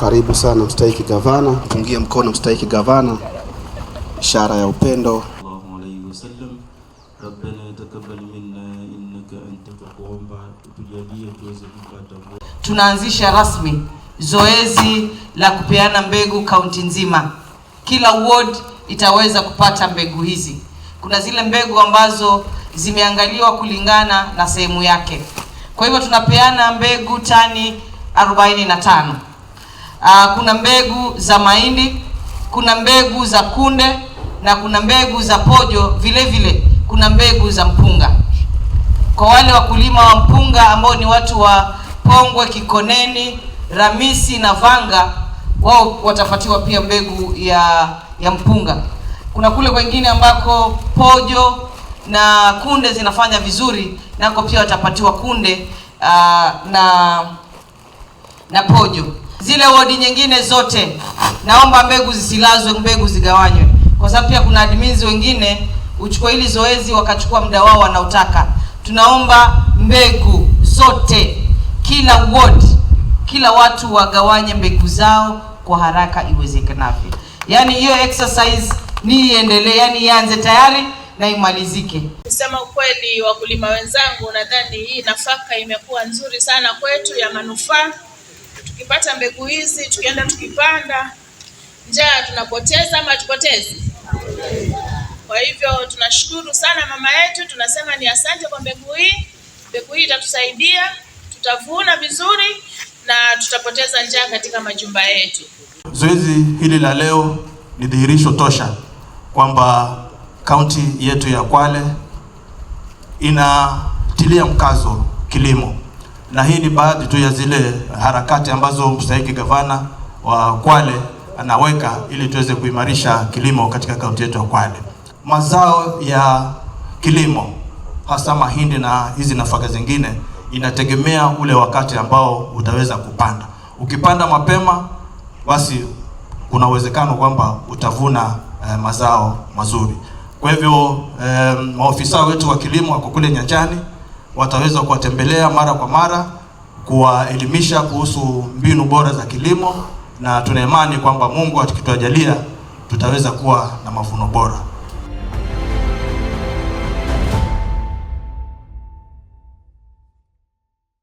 Karibu sana mstahiki gavana, tungia mkono mstahiki gavana, ishara ya upendo. Tunaanzisha rasmi zoezi la kupeana mbegu kaunti nzima, kila ward itaweza kupata mbegu hizi. Kuna zile mbegu ambazo zimeangaliwa kulingana na sehemu yake, kwa hivyo tunapeana mbegu tani 45. Aa, ah, kuna mbegu za mahindi, kuna mbegu za kunde na kuna mbegu za pojo, vile vile kuna mbegu za mpunga. Kwa wale wakulima wa mpunga ambao ni watu wa Pongwe, Kikoneni, Ramisi na Vanga, wao watapatiwa pia mbegu ya ya mpunga. Kuna kule kwengine ambako pojo na kunde zinafanya vizuri, nako pia watapatiwa kunde aa, ah, na na pojo. Zile wodi nyingine zote naomba mbegu zisilazwe, mbegu zigawanywe, kwa sababu pia kuna admins wengine uchukua hili zoezi wakachukua muda wao wanaotaka. Tunaomba mbegu zote, kila wodi, kila watu wagawanye mbegu zao kwa haraka iwezekanavyo. yani hiyo exercise ni iendelee, yani ianze tayari na imalizike. Kusema ukweli, wakulima wenzangu, nadhani hii nafaka imekuwa nzuri sana kwetu, ya manufaa tukipata mbegu hizi tukienda tukipanda, njaa tunapoteza ama tupotezi? Kwa hivyo tunashukuru sana mama yetu, tunasema ni asante kwa mbegu hii. Mbegu hii itatusaidia, tutavuna vizuri na tutapoteza njaa katika majumba yetu. Zoezi hili la leo ni dhihirisho tosha kwamba kaunti yetu ya Kwale inatilia mkazo kilimo na hii ni baadhi tu ya zile harakati ambazo mstahiki gavana wa Kwale anaweka ili tuweze kuimarisha kilimo katika kaunti yetu ya Kwale. Mazao ya kilimo hasa mahindi na hizi nafaka zingine inategemea ule wakati ambao utaweza kupanda. Ukipanda mapema, basi kuna uwezekano kwamba utavuna eh, mazao mazuri. Kwa hivyo eh, maofisa wetu wa kilimo wako kule nyanjani wataweza kuwatembelea mara kwa mara kuwaelimisha kuhusu mbinu bora za kilimo, na tuna imani kwamba Mungu akitujalia tutaweza kuwa na mavuno bora.